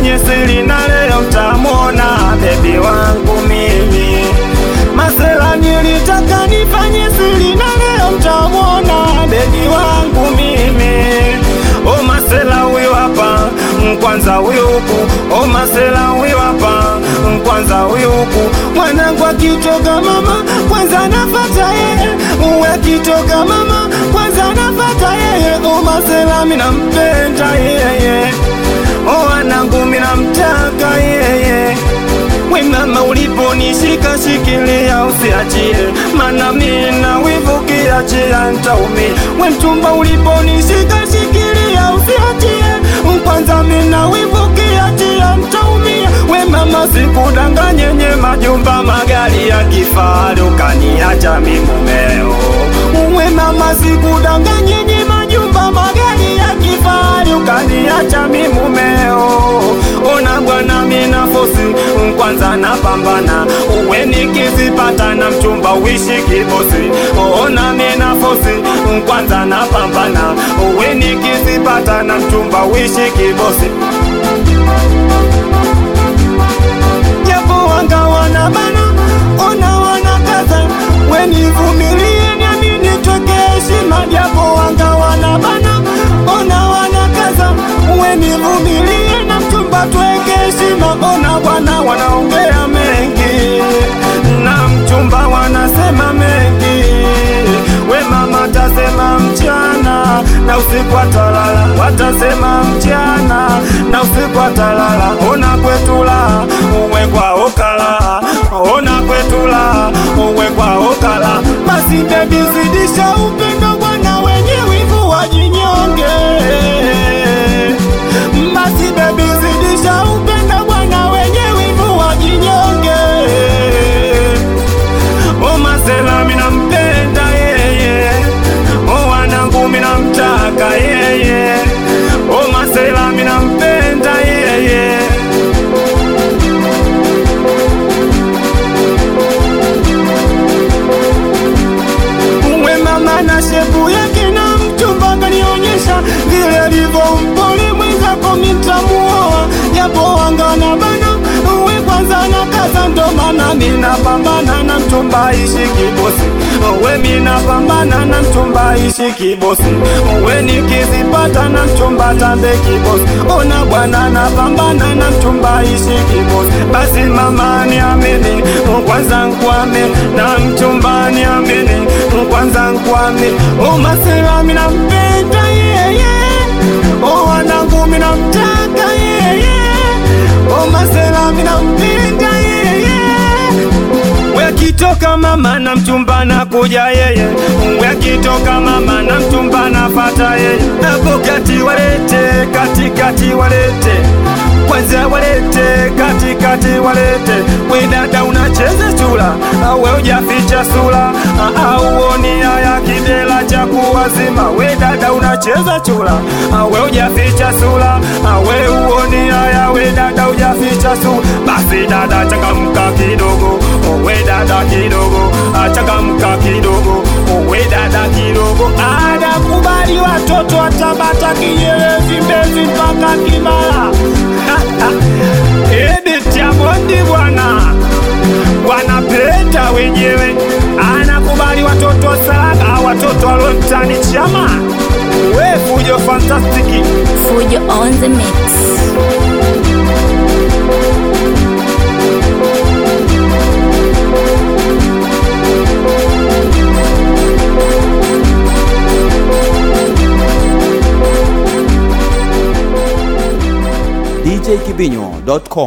kwenye siri na leo mtamwona bebi wangu mimi masela nilitaka nifanye siri na leo mtamwona bebi wangu mimi o masela huyu hapa mkwanza huyu o masela huyu hapa mkwanza huyu mwanangu akitoka mama kwanza nafata yeye uwe akitoka mama kwanza nafata yeye o masela nampenda yeye Oh, wanangu minamtaka yeye, we mama, uliponishika shikilia usiachie, mana mina wivu kiachia ntaumia. We mchumba, uliponishika shikilia usiachie, kwanza mina wivu kiachia ntaumia. We mama, sikudanganye, nye majumba magari ya kifahari ukaniacha mimi mumeo. We mama, sikudanganye, nye majumba magari fai ukaniacha mi mumeo ona oh, bwana minafosi nkwanza na pambana uwe oh, nikizipata na mchumba wishi kibosi ona oh, minafosi nkwanza na pambana uwe nikizipata na mchumba wishi kibosi Ona bwana wanaongea mengi na mchumba wanasema mengi, we mama tasema mchana na usiku atalala, watasema mchana na usiku atalala. Ona kwetula uwe kwa okala, ona kwetula uwe kwa okala, basi bebi zidisha upendo unapoangana bana we kwanza na kaza, ndo maana minapambana na mtumba ishi kibosi we minapambana na mtumba ishi kibosi we nikizipata na mtumba tambe kibosi ona bwana napambana na mtumba ishi kibosi basi mama niamini kwanza nkwame na mtumba niamini kwanza nkwame umasira minampenda yeye yeah, yeah. Wanangu minamtaka yeye Oh, maselami nampenda yeye, wakitoka mama na mchumba na kuja yeye, mama na mchumba na fata yeye, hapo kati walete, katikati walete, kwanza walete, katikati walete, unacheza chula ujaficha sura auoni haya kidela cha kuwazima, wedada unacheza chula ujaficha sura kuonyesha su basi dada changamka kidogo owe dada kidogo achangamka ah, kidogo owe dada kidogo anakubali watoto watabata kinyerezi mbezi mpaka kimala edeti ya bondi bwana wanapenda wenyewe anakubali watoto saga watoto walomtani chama we fujo fantastiki fujo on the mix jkibinyo.com.